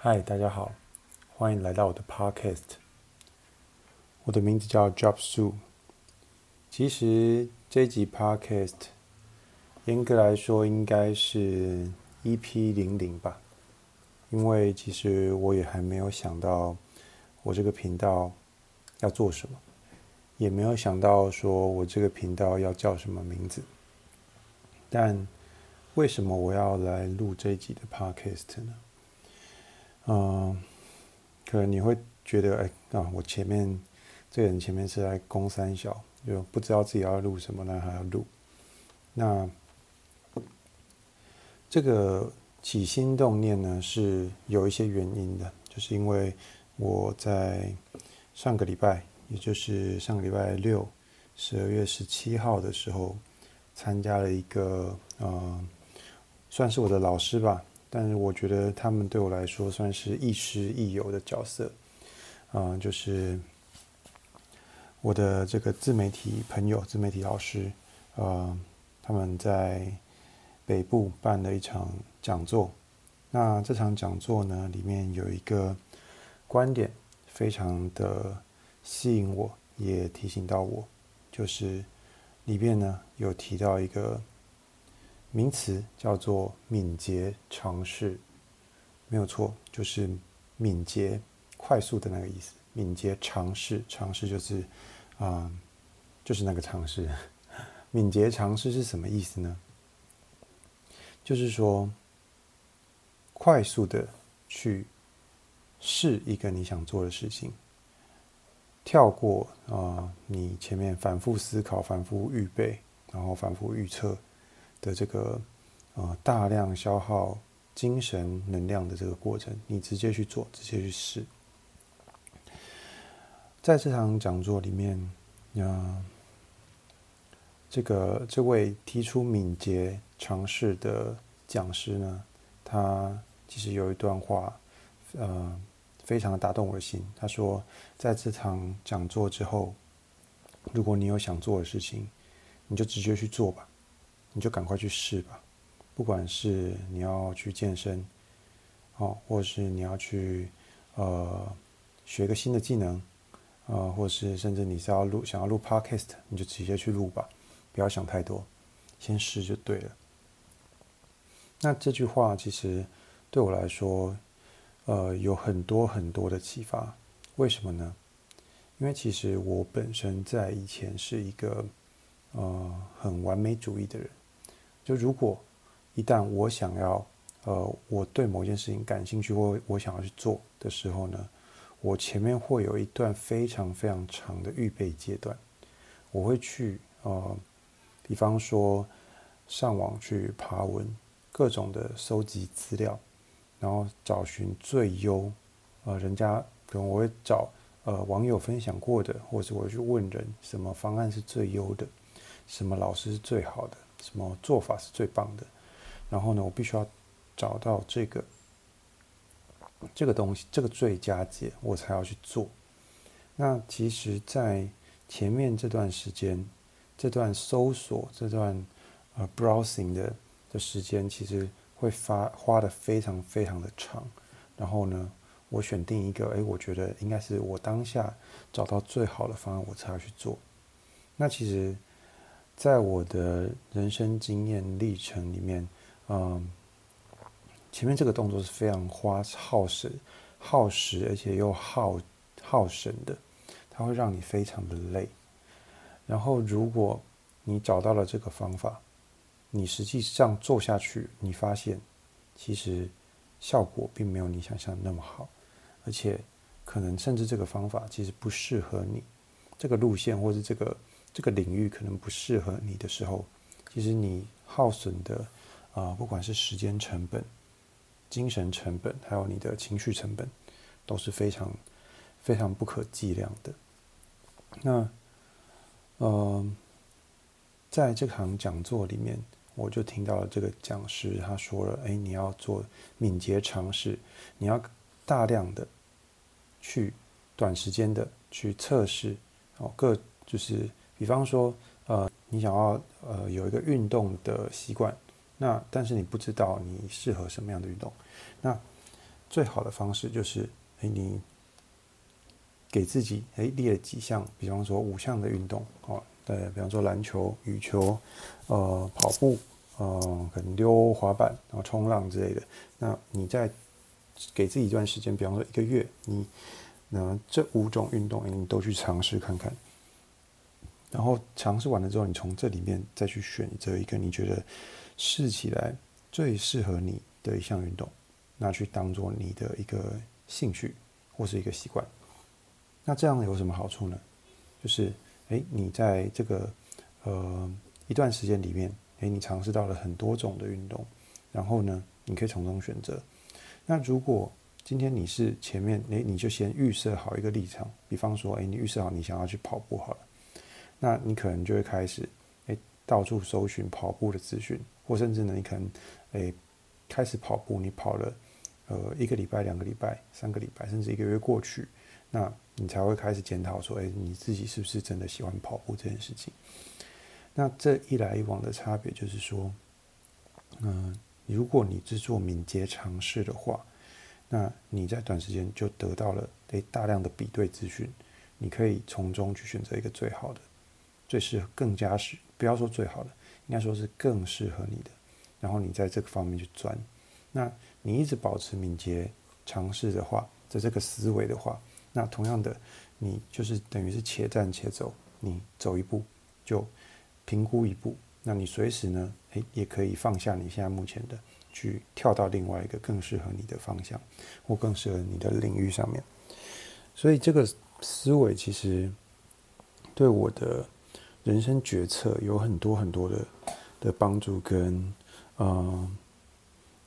嗨，大家好，歡迎來到我的 podcast。我的名字叫 Job Su。其實這一集 podcast，嚴格來說應該是 EP 00吧，因為其實我也還沒有想到我這個頻道要做什麼，也沒有想到說我這個頻道要叫什麼名字。但為什麼我要來錄這一集的 podcast 呢？嗯，可能你會覺得，哎、欸，啊，我前面這個人前面是來攻三小，就不知道自己要錄什麼呢，還要錄。那這個起心動念呢，是有一些原因的，就是因為我在上個禮拜，也就是上個禮拜六，十二月十七號的時候，參加了一個，呃、嗯，算是我的老師吧。但是我覺得他們對我來說算是亦師亦友的角色，啊，就是我的這個自媒體朋友，自媒體老師，呃，他們在北部辦了一場講座。那這場講座呢，裡面有一個觀點非常的吸引我，也提醒到我，就是裡面呢有提到一個。名詞叫做“敏捷嘗試”，沒有錯，就是“敏捷”快速的那個意思。“敏捷嘗試”嘗試就是啊、呃，就是那個嘗試。“敏捷嘗試”是什麼意思呢？就是說，快速的去試一個你想做的事情，跳過啊、呃，你前面反覆思考、反覆預備，然後反覆預測。的這個，呃，大量消耗精神能量的這個過程，你直接去做，直接去試。在這場講座裡面，嗯、呃，這個這位提出敏捷嘗試的講師呢，他其實有一段話，呃，非常打動我的心。他說，在這場講座之後，如果你有想做的事情，你就直接去做吧。你就趕快去試吧，不管是你要去健身，哦，或是你要去，呃，學個新的技能，啊，或是甚至你是要錄想要錄 podcast，你就直接去錄吧，不要想太多，先試就對了。那這句話其實對我來說，呃，有很多很多的啟發。為什麼呢？因為其實我本身在以前是一個呃很完美主義的人。就如果一旦我想要，呃，我對某件事情感興趣，或我想要去做的時候呢，我前面會有一段非常非常長的預備階段，我會去，呃，比方說上網去爬文，各種的收集資料，然後找尋最優，呃，人家，比如我會找，呃，網友分享過的，或者是我會去問人，什麼方案是最優的，什麼老師是最好的。什麼做法是最棒的？然後呢，我必須要找到這個這個東西，這個最佳解，我才要去做。那其實，在前面這段時間，這段搜索、這段呃 browsing 的的時間，其實會發花得非常非常的長。然後呢，我選定一個，哎，我覺得應該是我當下找到最好的方案，我才要去做。那其實。在我的人生經驗歷程裡面，嗯，前面這個動作是非常花耗時、耗時，而且又耗耗神的，它會讓你非常的累。然後，如果你找到了這個方法，你實際上做下去，你發現其實效果並沒有你想象的那麼好，而且可能甚至這個方法其實不適合你，這個路線或是這個。這個領域可能不適合你的時候，其實你耗損的啊、呃，不管是時間成本、精神成本，還有你的情緒成本，都是非常非常不可計量的。那呃，在這堂講座裡面，我就聽到了這個講師他說了：“誒，你要做敏捷嘗試，你要大量的去短時間的去測試哦，各就是。”比方說，呃，你想要呃有一個運動的習慣，那但是你不知道你適合什麼樣的運動，那最好的方式就是，哎、欸，你給自己哎、欸，列了幾項，比方說五項的運動，啊、哦，對，比方說籃球、羽球、呃跑步、呃，可能溜滑板，然後衝浪之類的，那你再給自己一段時間，比方說一個月，你那這五種運動、欸，你都去嘗試看看。然後嘗試完了之後，你從這裡面再去選擇一個你覺得試起來最適合你的一項運動，那去當作你的一個興趣或是一個習慣。那這樣有什麼好處呢？就是誒，你在這個呃一段時間裡面，誒，你嘗試到了很多種的運動，然後呢，你可以從中選擇。那如果今天你是前面誒，你就先預設好一個立場，比方說誒，你預設好你想要去跑步好了。那你可能就會開始，哎、欸，到處搜尋跑步的資訊，或甚至呢，你可能，哎、欸，開始跑步，你跑了，呃，一個禮拜、兩個禮拜、三個禮拜，甚至一個月過去，那你才會開始檢討說，哎、欸，你自己是不是真的喜歡跑步這件事情？那這一來一往的差別就是說，嗯、呃，如果你是做敏捷嘗試的話，那你在短時間就得到了，哎、欸，大量的比對資訊，你可以從中去選擇一個最好的。最適合，更加是不要說最好的，應該說是更適合你的。然後你在這個方面去鑽，那你一直保持敏捷嘗試的話，在這個思維的話，那同樣的，你就是等於是且戰且走。你走一步就評估一步，那你隨時呢，哎，也可以放下你現在目前的，去跳到另外一個更適合你的方向或更適合你的領域上面。所以這個思維其實對我的。人生決策有很多很多的的幫助跟嗯、呃、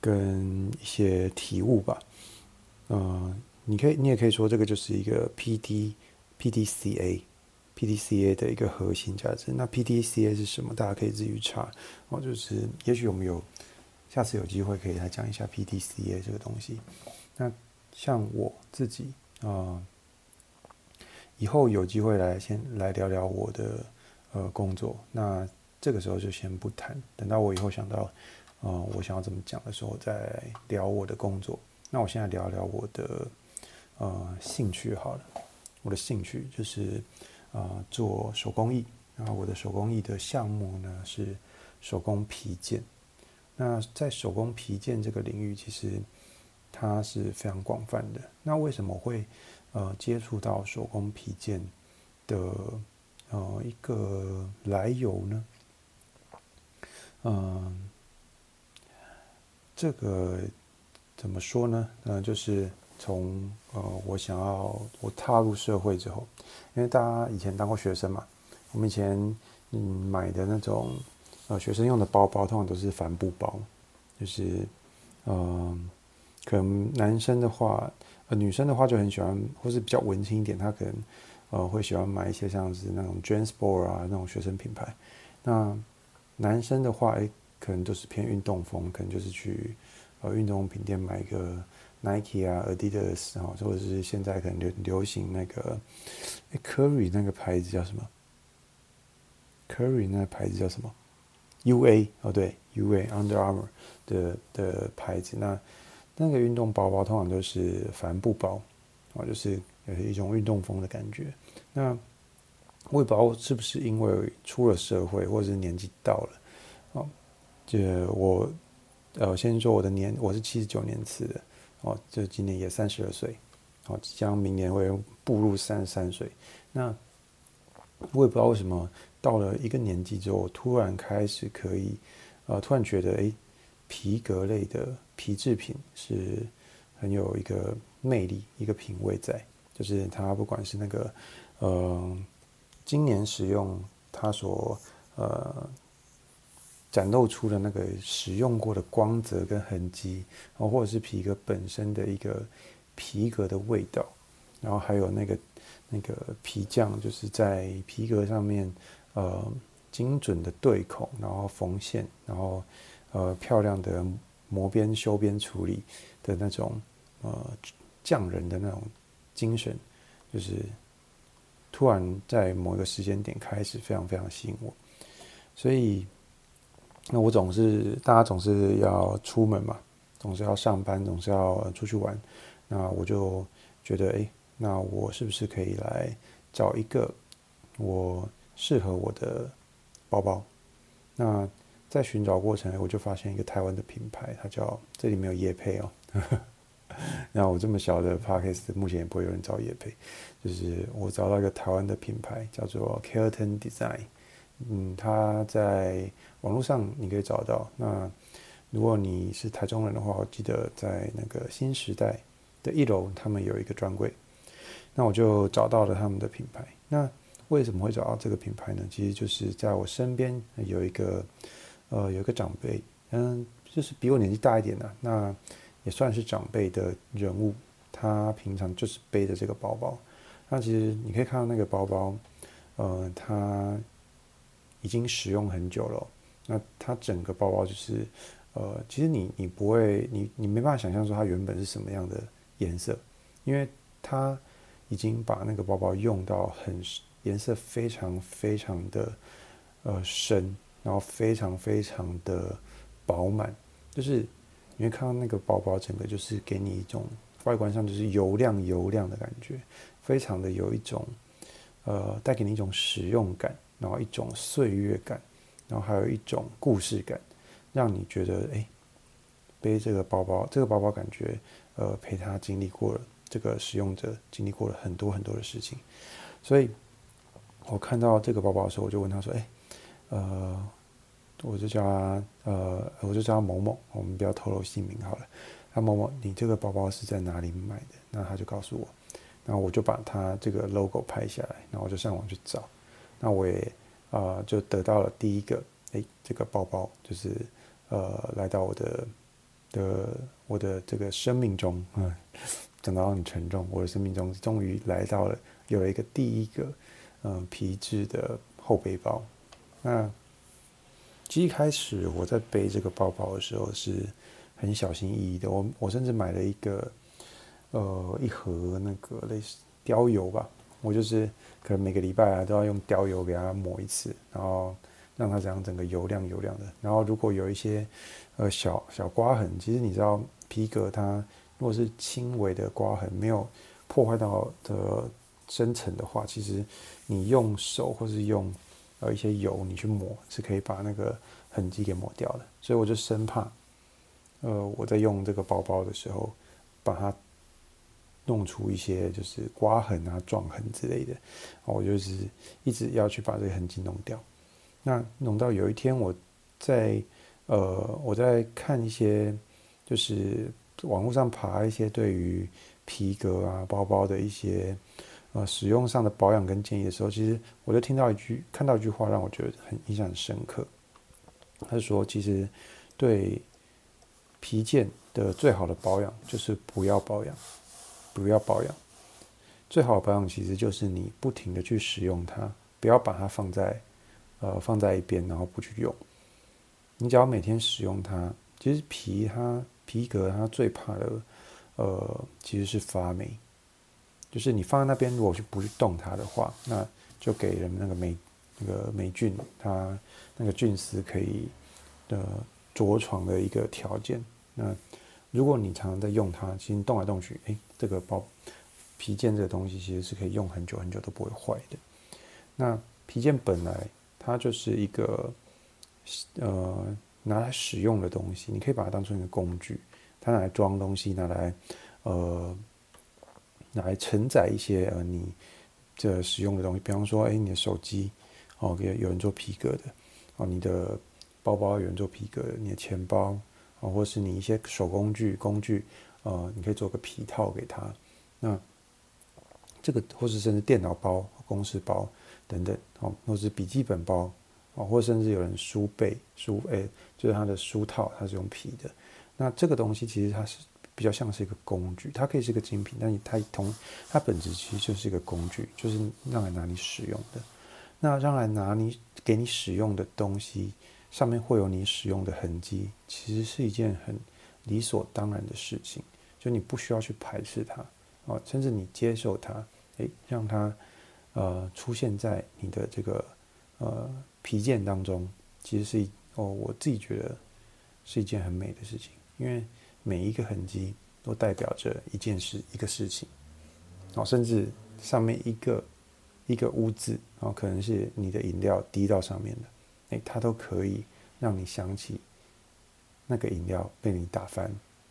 跟一些體悟吧，嗯、呃，你可以你也可以說這個就是一個 PD、PDCA、PDCA 的一個核心價值。那 P D C A 是什麼？大家可以自己查。哦，就是也許我們有下次有機會可以來講一下 P D C A 這個東西。那像我自己啊、呃，以後有機會來先來聊聊我的。呃，工作那這個時候就先不談，等到我以後想到，呃，我想要怎麼講的時候再聊我的工作。那我現在聊一聊我的呃興趣好了，我的興趣就是呃做手工藝，然後我的手工藝的項目呢是手工皮件。那在手工皮件這個領域，其實它是非常廣泛的。那為什麼會呃接觸到手工皮件的？呃，一個，來由呢？嗯、呃，這個怎麼說呢？嗯、呃，就是從呃，我想要我踏入社會之後，因為大家以前當過學生嘛，我們以前嗯買的那種呃學生用的包包，通常都是帆布包，就是嗯、呃，可能男生的話，呃女生的話就很喜歡，或是比較文青一點，她可能。呃，會喜歡買一些像是那種 JanSport 啊，那種學生品牌。那男生的話，誒，可能都是偏運動風，可能就是去呃運動品店買一個 Nike 啊、Adidas 啊、哦，或者是現在可能流流行那個 Curry 那個牌子叫什麼？Curry 那個牌子叫什麼？UA 哦，對，UA Under Armour 的的牌子。那那個運動包包通常都是帆布包，哦，就是。也是一種運動風的感覺。那我也不知道是不是因為出了社會，或者是年紀到了。哦，就我呃，先說我的年，我是七十九年次的哦，就今年也三十二歲，哦，即將明年會步入三十三歲。那我也不知道為什麼到了一個年紀之後，我突然開始可以呃，突然覺得哎、欸，皮革類的皮製品是很有一個魅力，一個品味在。就是它，不管是那個，呃，今年使用它所呃展露出的那個使用過的光澤跟痕跡，然後或者是皮革本身的一個皮革的味道，然後還有那個那個皮匠就是在皮革上面呃精準的對孔，然後縫線，然後呃漂亮的磨邊修邊處理的那種呃匠人的那種。精神，就是突然在某一個時間點開始非常非常吸引我，所以那我總是大家總是要出門嘛，總是要上班，總是要出去玩，那我就覺得，欸，那我是不是可以來找一個我適合我的包包？那在尋找過程，我就發現一個台灣的品牌，它，叫這裡沒有業配喔。呵呵 那我這麼小的 Podcast 目前也不會有人找業配，就是我找到一個台灣的品牌，叫做 Kirtan Design。嗯，它在網絡上你可以找到。那如果你是台中人的話，我記得在那個新時代的一樓，他們有一個專櫃。那我就找到了他們的品牌。那為什麼會找到這個品牌呢？其實就是在我身邊有一個呃有一個長輩，嗯，就是比我年紀大一點的、啊、那。也算是長輩的人物，他平常就是背着這個包包。那其實你可以看到那個包包，呃，他已經使用很久了。那他整個包包就是，呃，其實你你不會，你你沒辦法想象說它原本是什麼樣的顏色，因為他已經把那個包包用到很顏色非常非常的呃深，然後非常非常的飽滿，就是。因為看到那個包包，整個就是給你一種外觀上就是油亮油亮的感覺，非常的有一種呃帶給你一種使用感，然後一種歲月感，然後還有一種故事感，讓你覺得哎、欸，背這個包包，這個包包感覺呃陪他經歷過了，這個使用者經歷過了很多很多的事情，所以我看到這個包包的時候，我就問他說：“哎，呃。”我就叫他呃，我就叫他某某，我們不要透露姓名好了。那、啊、某某，你這個包包是在哪裡買的？那他就告訴我，然後我就把他這個 logo 拍下來，然後我就上網去找。那我也啊、呃，就得到了第一個，哎，這個包包就是呃，來到我的的我的這個生命中嗯，講 到很沉重，我的生命中終於來到了有了一個第一個嗯、呃、皮質的後背包，那。其實一開始我在背這個包包的時候是很小心翼翼的我。我我甚至買了一個，呃，一盒那個類似貂油吧。我就是可能每個禮拜啊都要用貂油給它抹一次，然後讓它這樣整個油亮油亮的。然後如果有一些呃小小刮痕，其實你知道皮革它如果是輕微的刮痕，沒有破壞到的深層的話，其實你用手或是用。有一些油你去抹是可以把那個痕跡給抹掉的，所以我就生怕，呃，我在用這個包包的時候，把它弄出一些就是刮痕啊、撞痕之類的，我就是一直要去把這個痕跡弄掉。那弄到有一天我在呃我在看一些就是網絡上爬一些對於皮革啊包包的一些。呃，使用上的保養跟建議的時候，其實我就聽到一句，看到一句話，讓我覺得很印象深刻。他說：“其實對皮件的最好的保養就是不要保養，不要保養。最好的保養其實就是你不停的去使用它，不要把它放在呃放在一邊，然後不去用。你只要每天使用它，其實皮它皮革它最怕的呃其實是發霉。”就是你放在那邊，如果不去動它的話，那就給人那個霉、那個霉菌，它那個菌絲可以呃着床的一個條件。那如果你常常在用它，其實動來動去，哎、欸，這個包皮件這個東西其實是可以用很久很久都不會壞的。那皮件本來它就是一個呃拿來使用的東西，你可以把它當成一個工具，它拿來裝東西，拿來呃。來承載一些呃，你這使用的東西，比方說，哎，你的手機，哦，給有人做皮革的，哦，你的包包有人做皮革的，你的錢包，哦，或是你一些手工具工具，呃，你可以做個皮套給他。那這個，或是甚至電腦包、公司包等等，哦，或是筆記本包，哦，或甚至有人書背書，哎，就是他的書套，它是用皮的。那這個東西其實它是。比較像是一個工具，它可以是一個精品，但是它同它本質其實就是一個工具，就是讓來拿你使用的。那讓來拿你給你使用的東西上面會有你使用的痕跡，其實是一件很理所當然的事情，就你不需要去排斥它哦，甚至你接受它，誒、欸，讓它呃出現在你的這個呃皮件當中，其實是一哦，我自己覺得是一件很美的事情，因為。每一個痕跡都代表着一件事、一個事情，哦，甚至上面一個一個污漬，哦，可能是你的飲料滴到上面的，誒，它都可以讓你想起那個飲料被你打翻，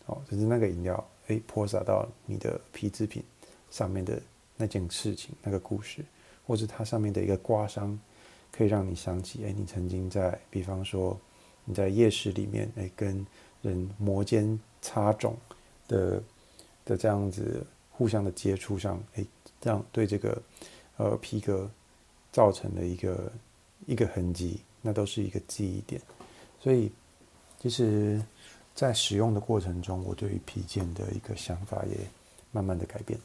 哦，或是那個飲料誒潑灑到你的皮製品上面的那件事情、那個故事，或是它上面的一個刮傷，可以讓你想起，誒，你曾經在，比方說你在夜市裡面，誒，跟。人摩肩擦踵的的這樣子互相的接觸上，哎、欸，這樣對這個呃皮革造成的一個一個痕跡，那都是一個記憶點。所以，其實，在使用的過程中，我對於皮件的一個想法也慢慢的改變。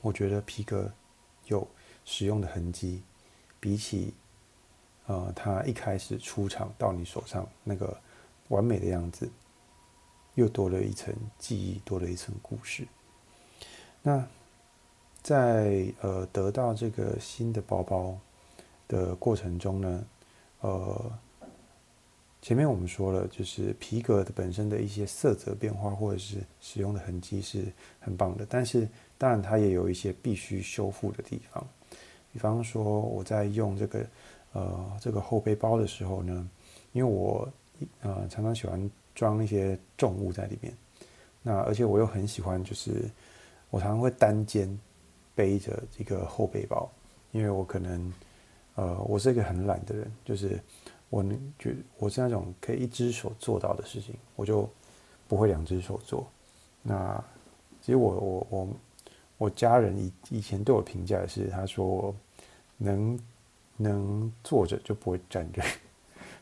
我覺得皮革有使用的痕跡，比起呃，它一開始出廠到你手上那個。完美的樣子，又多了一層記憶，多了一層故事。那在呃得到這個新的包包的過程中呢，呃，前面我們說了，就是皮革的本身的一些色澤變化，或者是使用的痕跡是很棒的，但是當然它也有一些必須修復的地方。比方說，我在用這個呃這個後背包的時候呢，因為我啊、呃，常常喜歡裝一些重物在裡面。那而且我又很喜歡，就是我常常會單肩背着一個後背包，因為我可能，呃，我是一個很懶的人，就是我能，我我是那種可以一隻手做到的事情，我就不會兩隻手做。那其實我我我我家人以以前對我評價的是，他說能能坐着就不會站着。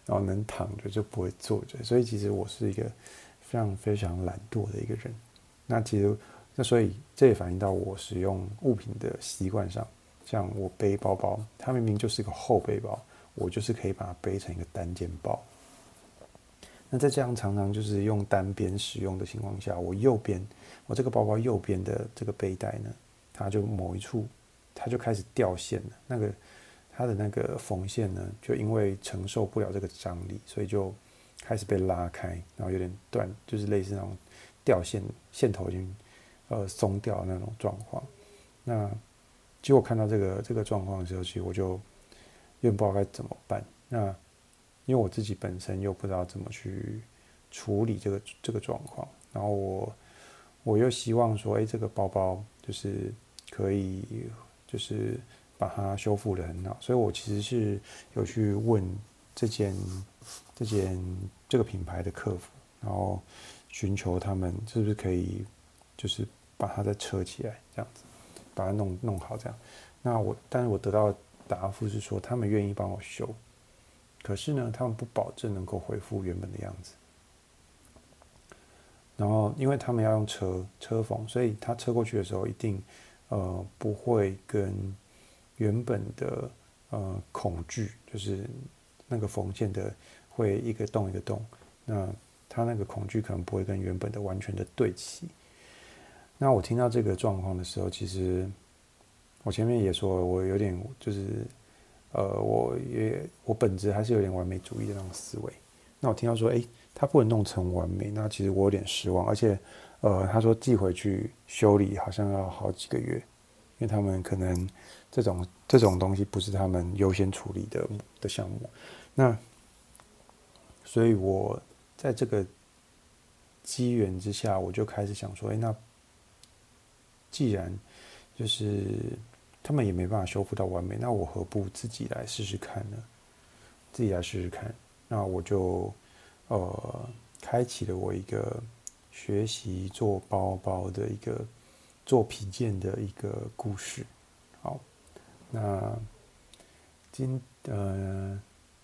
然後能躺着就不會坐着，所以其實我是一個非常非常懶惰的一個人。那其實，那所以這也反映到我使用物品的習慣上，像我背包包，它明明就是個後背包，我就是可以把它背成一個單肩包。那在這樣常常就是用單邊使用的情況下，我右邊，我這個包包右邊的這個背帶呢，它就某一處，它就開始掉線了，那個。它的那個縫線呢，就因為承受不了這個張力，所以就開始被拉開，然後有點斷，就是類似那種掉線，線頭已經呃鬆掉的那種狀況。那結果看到這個這個狀況的時候，其實我就又不知道該怎麼辦。那因為我自己本身又不知道怎麼去處理這個這個狀況，然後我我又希望說，哎、欸，這個包包就是可以，就是。把它修復得很好，所以我其實是有去問這間、這間這個品牌的客服，然後尋求他們是不是可以，就是把它再車起來，這樣子把它弄弄好這樣。那我，但是我得到的答覆是說，他們願意幫我修，可是呢，他們不保證能夠恢復原本的樣子。然後，因為他們要用車車縫，所以他車過去的時候，一定呃不會跟。原本的呃孔距，就是那個縫線的會一個洞一個洞，那他那個孔距可能不會跟原本的完全的對齊。那我聽到這個狀況的時候，其實我前面也說了，我有點就是呃，我也我本質還是有點完美主義的那種思維。那我聽到說，誒、欸，他不能弄成完美，那其實我有點失望，而且呃，他說寄回去修理好像要好幾個月。因為他們可能這種這種東西不是他們優先處理的的項目，那，所以我在這個機緣之下，我就開始想說，哎，那既然就是他們也沒辦法修復到完美，那我何不自己來試試看呢？自己來試試看，那我就呃開啟了我一個學習做包包的一個。做皮件的一個故事，好，那今呃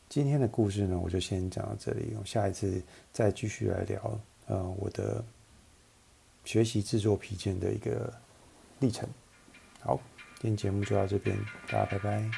今天的故事呢，我就先講到這裡，我下一次再繼續來聊呃我的學習製作皮件的一個歷程。好，今天節目就到這邊，大家拜拜。